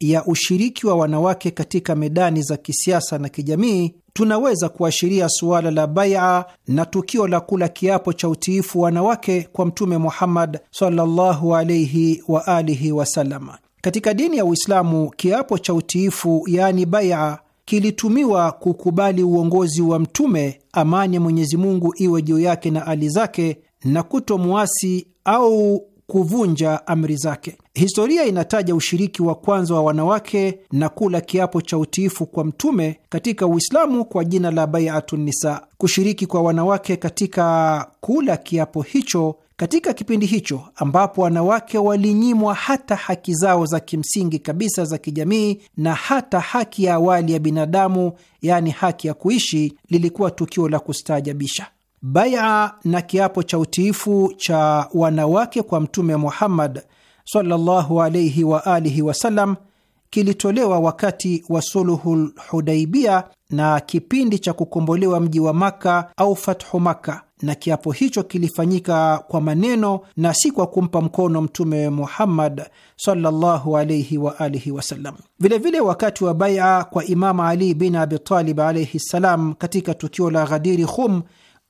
ya ushiriki wa wanawake katika medani za kisiasa na kijamii, tunaweza kuashiria suala la baia na tukio la kula kiapo cha utiifu wanawake kwa Mtume Muhammad sallallahu alaihi wa alihi wasallam. Katika dini ya Uislamu, kiapo cha utiifu yaani baia kilitumiwa kukubali uongozi wa Mtume, amani ya Mwenyezi Mungu iwe juu yake na ali zake, na kutomwasi au kuvunja amri zake. Historia inataja ushiriki wa kwanza wa wanawake na kula kiapo cha utiifu kwa mtume katika Uislamu kwa jina la baiatun nisa. Kushiriki kwa wanawake katika kula kiapo hicho katika kipindi hicho ambapo wanawake walinyimwa hata haki zao za kimsingi kabisa za kijamii na hata haki ya awali ya binadamu, yaani haki ya kuishi, lilikuwa tukio la kustaajabisha. Baia na kiapo cha utiifu cha wanawake kwa Mtume Muhammad sallallahu alayhi wa alihi wasallam kilitolewa wakati wa Suluhul Hudaibia na kipindi cha kukombolewa mji wa makka au Fathu makka na kiapo hicho kilifanyika kwa maneno na si kwa kumpa mkono Mtume Muhammad sallallahu alayhi wa alihi wasallam. Vilevile, wakati wa baia kwa Imamu Ali bin Abitalib alaihi ssalam, katika tukio la Ghadiri Khum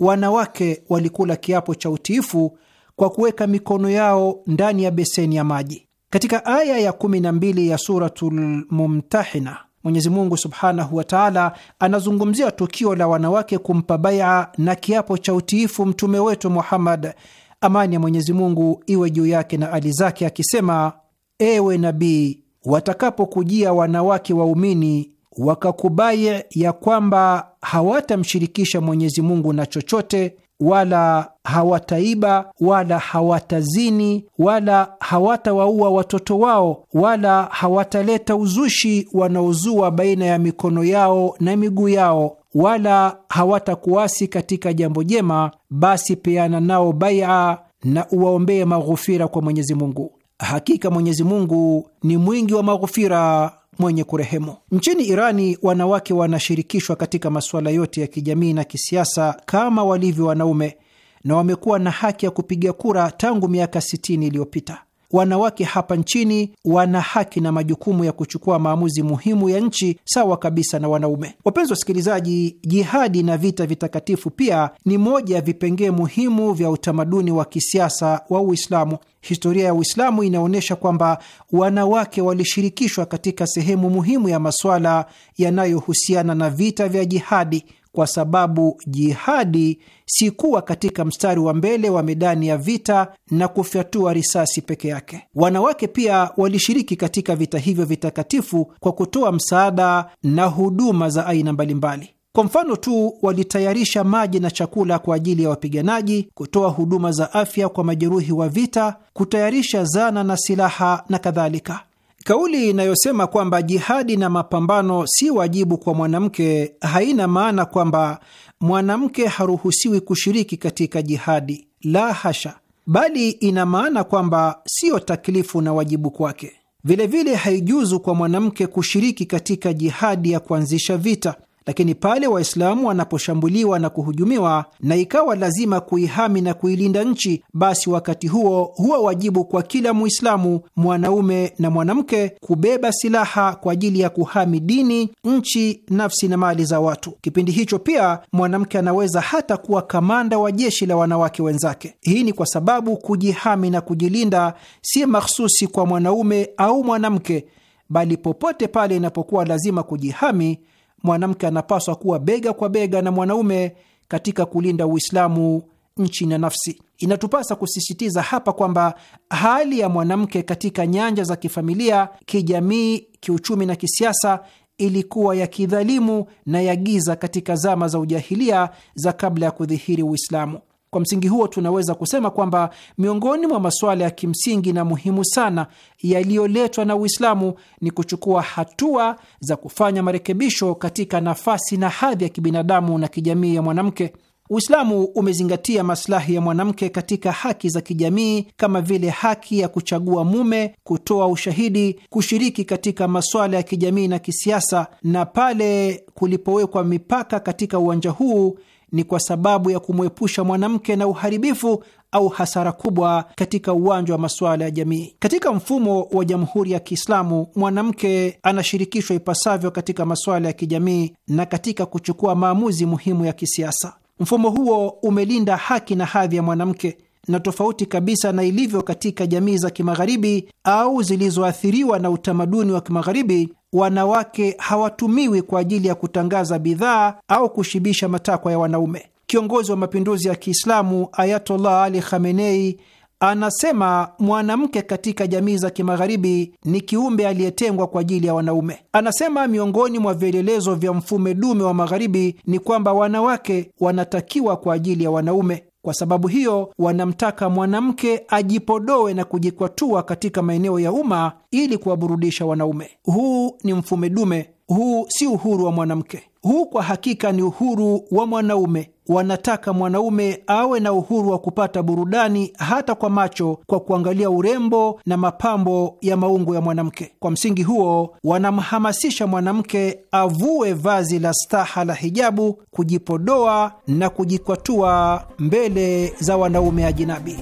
wanawake walikula kiapo cha utiifu kwa kuweka mikono yao ndani ya beseni ya maji. Katika aya ya 12 ya Suratul Mumtahina, Mwenyezi Mungu subhanahu wa taala anazungumzia tukio la wanawake kumpa baia na kiapo cha utiifu mtume wetu Muhammad, amani ya Mwenyezi Mungu iwe juu yake na ali zake, akisema: ewe nabii, watakapokujia wanawake waumini wakakubaye ya kwamba hawatamshirikisha Mwenyezi Mungu na chochote wala hawataiba wala hawatazini wala hawatawaua watoto wao wala hawataleta uzushi wanaozua baina ya mikono yao na miguu yao wala hawatakuasi katika jambo jema, basi peana nao baia na uwaombee maghufira kwa Mwenyezi Mungu. Hakika Mwenyezi Mungu ni mwingi wa maghufira mwenye kurehemu. Nchini Irani, wanawake wanashirikishwa katika masuala yote ya kijamii na kisiasa kama walivyo wanaume na wamekuwa na haki ya kupiga kura tangu miaka 60 iliyopita wanawake hapa nchini wana haki na majukumu ya kuchukua maamuzi muhimu ya nchi sawa kabisa na wanaume. Wapenzi wasikilizaji, jihadi na vita vitakatifu pia ni moja ya vipengee muhimu vya utamaduni wa kisiasa wa Uislamu. Historia ya Uislamu inaonyesha kwamba wanawake walishirikishwa katika sehemu muhimu ya masuala yanayohusiana na vita vya jihadi kwa sababu jihadi si kuwa katika mstari wa mbele wa medani ya vita na kufyatua risasi peke yake. Wanawake pia walishiriki katika vita hivyo vitakatifu kwa kutoa msaada na huduma za aina mbalimbali. Kwa mfano tu, walitayarisha maji na chakula kwa ajili ya wapiganaji, kutoa huduma za afya kwa majeruhi wa vita, kutayarisha zana na silaha na kadhalika. Kauli inayosema kwamba jihadi na mapambano si wajibu kwa mwanamke haina maana kwamba mwanamke haruhusiwi kushiriki katika jihadi, la hasha, bali ina maana kwamba siyo taklifu na wajibu kwake. Vilevile haijuzu kwa mwanamke kushiriki katika jihadi ya kuanzisha vita, lakini pale Waislamu wanaposhambuliwa na kuhujumiwa na ikawa lazima kuihami na kuilinda nchi, basi wakati huo huwa wajibu kwa kila Muislamu, mwanaume na mwanamke, kubeba silaha kwa ajili ya kuhami dini, nchi, nafsi na mali za watu. Kipindi hicho pia mwanamke anaweza hata kuwa kamanda wa jeshi la wanawake wenzake. Hii ni kwa sababu kujihami na kujilinda si mahsusi kwa mwanaume au mwanamke, bali popote pale inapokuwa lazima kujihami mwanamke anapaswa kuwa bega kwa bega na mwanaume katika kulinda Uislamu nchi na nafsi. Inatupasa kusisitiza hapa kwamba hali ya mwanamke katika nyanja za kifamilia, kijamii, kiuchumi na kisiasa ilikuwa ya kidhalimu na ya giza katika zama za ujahilia za kabla ya kudhihiri Uislamu. Kwa msingi huo, tunaweza kusema kwamba miongoni mwa masuala ya kimsingi na muhimu sana yaliyoletwa na Uislamu ni kuchukua hatua za kufanya marekebisho katika nafasi na hadhi ya kibinadamu na kijamii ya mwanamke. Uislamu umezingatia maslahi ya mwanamke katika haki za kijamii kama vile haki ya kuchagua mume, kutoa ushahidi, kushiriki katika masuala ya kijamii na kisiasa, na pale kulipowekwa mipaka katika uwanja huu ni kwa sababu ya kumwepusha mwanamke na uharibifu au hasara kubwa katika uwanja wa masuala ya jamii. Katika mfumo wa Jamhuri ya Kiislamu, mwanamke anashirikishwa ipasavyo katika masuala ya kijamii na katika kuchukua maamuzi muhimu ya kisiasa. Mfumo huo umelinda haki na hadhi ya mwanamke na tofauti kabisa na ilivyo katika jamii za kimagharibi au zilizoathiriwa na utamaduni wa kimagharibi, wanawake hawatumiwi kwa ajili ya kutangaza bidhaa au kushibisha matakwa ya wanaume. Kiongozi wa mapinduzi ya Kiislamu Ayatollah Ali Khamenei anasema mwanamke katika jamii za kimagharibi ni kiumbe aliyetengwa kwa ajili ya wanaume. Anasema miongoni mwa vielelezo vya mfumo dume wa magharibi ni kwamba wanawake wanatakiwa kwa ajili ya wanaume. Kwa sababu hiyo, wanamtaka mwanamke ajipodoe na kujikwatua katika maeneo ya umma ili kuwaburudisha wanaume. Huu ni mfumo dume. Huu si uhuru wa mwanamke. Huu kwa hakika ni uhuru wa mwanaume wanataka mwanaume awe na uhuru wa kupata burudani hata kwa macho kwa kuangalia urembo na mapambo ya maungo ya mwanamke. Kwa msingi huo, wanamhamasisha mwanamke avue vazi la staha la hijabu, kujipodoa na kujikwatua mbele za wanaume ajinabi.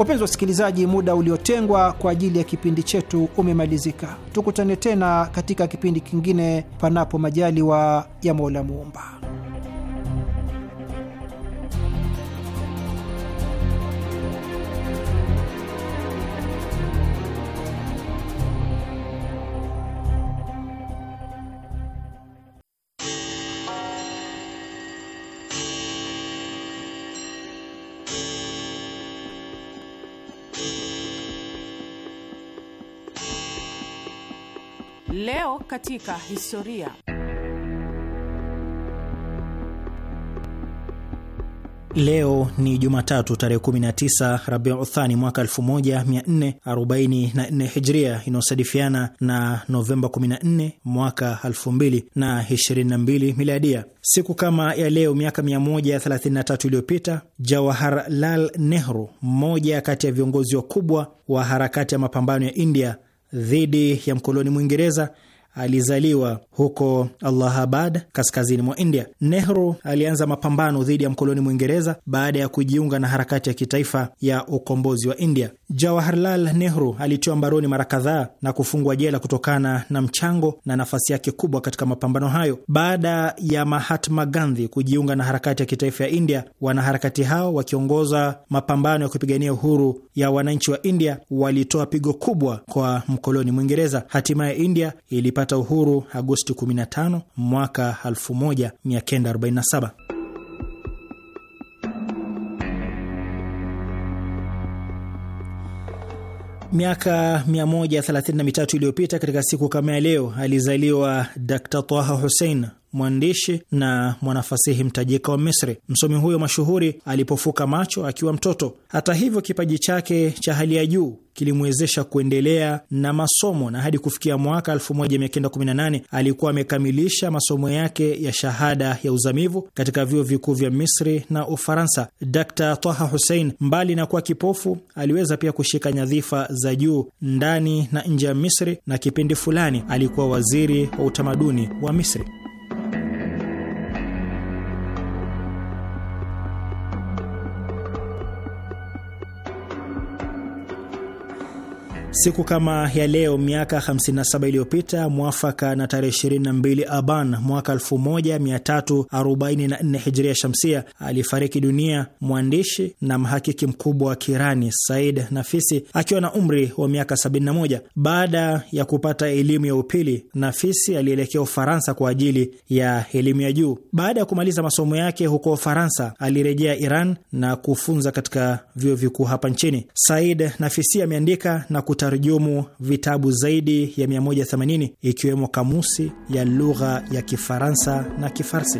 Wapenzi wasikilizaji, muda uliotengwa kwa ajili ya kipindi chetu umemalizika. Tukutane tena katika kipindi kingine, panapo majaliwa ya Mola Muumba. Leo katika historia. Leo ni Jumatatu tarehe 19 Rabiul uthani mwaka 1444 Hijria, inayosadifiana na Novemba 14 mwaka 2022 Miladia. Siku kama ya leo miaka 133 iliyopita, jawahar lal Nehru, mmoja kati ya viongozi wakubwa wa harakati ya mapambano ya India dhidi ya mkoloni Mwingereza alizaliwa huko Allahabad, kaskazini mwa India. Nehru alianza mapambano dhidi ya mkoloni Mwingereza baada ya kujiunga na harakati ya kitaifa ya ukombozi wa India. Jawaharlal Nehru alitiwa mbaroni mara kadhaa na kufungwa jela kutokana na mchango na nafasi yake kubwa katika mapambano hayo. Baada ya Mahatma Gandhi kujiunga na harakati ya kitaifa ya India, wanaharakati hao wakiongoza mapambano ya kupigania uhuru ya wananchi wa India walitoa pigo kubwa kwa mkoloni Mwingereza. Hatimaye India ilipa ilipata uhuru Agosti 15 mwaka 1947. Miaka 133 iliyopita katika siku kama ya leo alizaliwa Dr Taha Hussein, mwandishi na mwanafasihi mtajika wa Misri. Msomi huyo mashuhuri alipofuka macho akiwa mtoto. Hata hivyo, kipaji chake cha hali ya juu kilimwezesha kuendelea na masomo na hadi kufikia mwaka 1918 alikuwa amekamilisha masomo yake ya shahada ya uzamivu katika vyuo vikuu vya Misri na Ufaransa. Dr Taha Hussein, mbali na kuwa kipofu, aliweza pia kushika nyadhifa za juu ndani na nje ya Misri, na kipindi fulani alikuwa waziri wa utamaduni wa Misri. Siku kama ya leo miaka 57 iliyopita mwafaka na tarehe 22 Aban mwaka 1344 Hijria Shamsia, alifariki dunia mwandishi na mhakiki mkubwa wa Kirani Said Nafisi akiwa na umri wa miaka 71. Baada ya kupata elimu ya upili, Nafisi alielekea Ufaransa kwa ajili ya elimu ya juu. Baada ya kumaliza masomo yake huko Ufaransa, alirejea Iran na kufunza katika vyuo vikuu hapa nchini. Said Nafisi ameandika na kutarajumu vitabu zaidi ya 180 ikiwemo kamusi ya lugha ya Kifaransa na Kifarsi.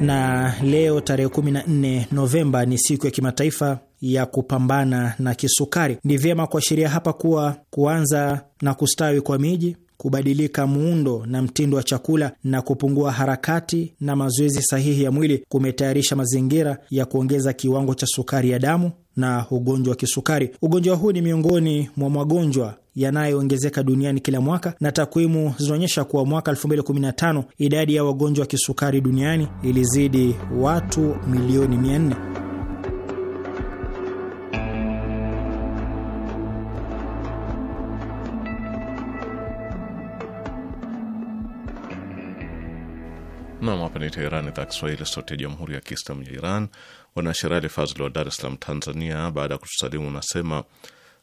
Na leo tarehe 14 Novemba ni siku ya kimataifa ya kupambana na kisukari. Ni vyema kuashiria hapa kuwa kuanza na kustawi kwa miji kubadilika muundo na mtindo wa chakula na kupungua harakati na mazoezi sahihi ya mwili kumetayarisha mazingira ya kuongeza kiwango cha sukari ya damu na ugonjwa wa kisukari. Ugonjwa huu ni miongoni mwa magonjwa yanayoongezeka duniani kila mwaka, na takwimu zinaonyesha kuwa mwaka 2015 idadi ya wagonjwa wa kisukari duniani ilizidi watu milioni 400. Nam, hapa ni Teherani, idhaa Kiswahili, sauti ya jamhuri ya kiislamu ya Iran. Bwana Sherali Fazl wa Dar es Salaam, Tanzania, baada ya kutusalimu unasema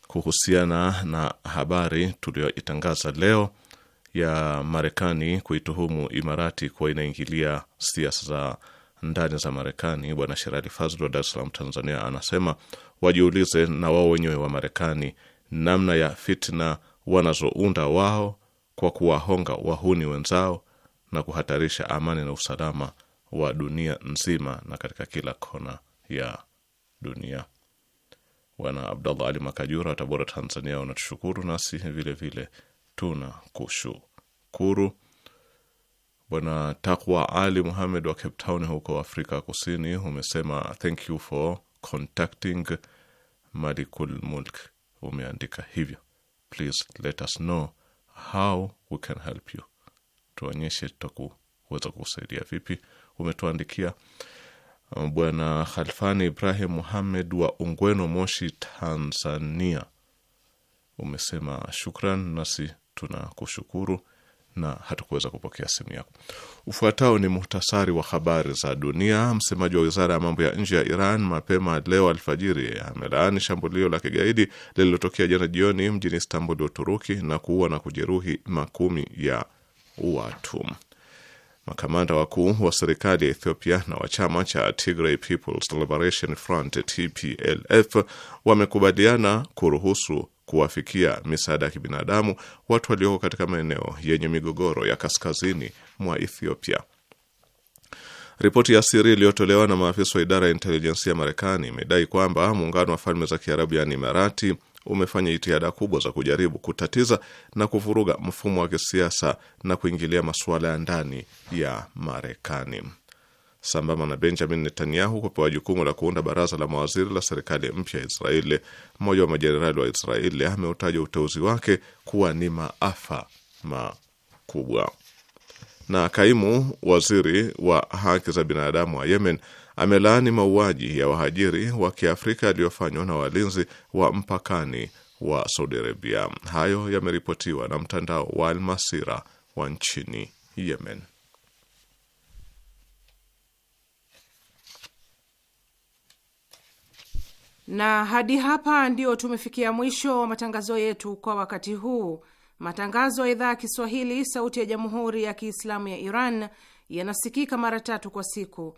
kuhusiana na habari tuliyoitangaza leo ya Marekani kuituhumu Imarati kuwa inaingilia siasa za ndani za Marekani. Bwana Sherali Fazl wa Dar es Salaam, Tanzania, anasema wajiulize na wao wenyewe wa Marekani namna ya fitna wanazounda wao kwa kuwahonga wahuni wenzao na kuhatarisha amani na usalama wa dunia nzima na katika kila kona ya dunia. Bwana Abdallah Ali Makajura wa Tabora, Tanzania, unatushukuru nasi vilevile tuna kushukuru. Bwana Takwa Ali Muhamed wa Cape Town huko Afrika Kusini umesema thank you for contacting Malikul Mulk. Umeandika hivyo, please let us know how we can help you tuonyeshe tutakuweza kukusaidia vipi. Umetuandikia um, Bwana Khalfani Ibrahim Muhammed wa Ungweno, Moshi, Tanzania. Umesema shukran, nasi tunakushukuru na hatukuweza kupokea simu yako. Ufuatao ni muhtasari wa habari za dunia. Msemaji wa wizara ya mambo ya nje ya Iran mapema leo alfajiri amelaani shambulio la kigaidi lililotokea jana jioni mjini Istanbul, Uturuki, na kuua na kujeruhi makumi ya watu. Makamanda wakuu wa serikali ya Ethiopia na wa chama cha Tigray People's Liberation Front TPLF wamekubaliana kuruhusu kuwafikia misaada ya kibinadamu watu walioko katika maeneo yenye migogoro ya kaskazini mwa Ethiopia. Ripoti ya siri iliyotolewa na maafisa wa idara ya intelijensia ya Marekani imedai kwamba muungano wa falme za Kiarabu yaani Imarati umefanya jitihada kubwa za kujaribu kutatiza na kuvuruga mfumo wa kisiasa na kuingilia masuala ya ndani ya Marekani. Sambamba na Benjamin Netanyahu kupewa jukumu la kuunda baraza la mawaziri la serikali mpya ya Israeli, mmoja wa majenerali wa Israeli ameutaja uteuzi wake kuwa ni maafa makubwa. Na kaimu waziri wa haki za binadamu wa Yemen amelaani mauaji ya wahajiri wa Kiafrika yaliyofanywa na walinzi wa mpakani wa Saudi Arabia. Hayo yameripotiwa na mtandao wa Almasira wa nchini Yemen. Na hadi hapa ndio tumefikia mwisho wa matangazo yetu kwa wakati huu. Matangazo ya idhaa ya Kiswahili sauti ya Jamhuri ya Kiislamu ya Iran yanasikika mara tatu kwa siku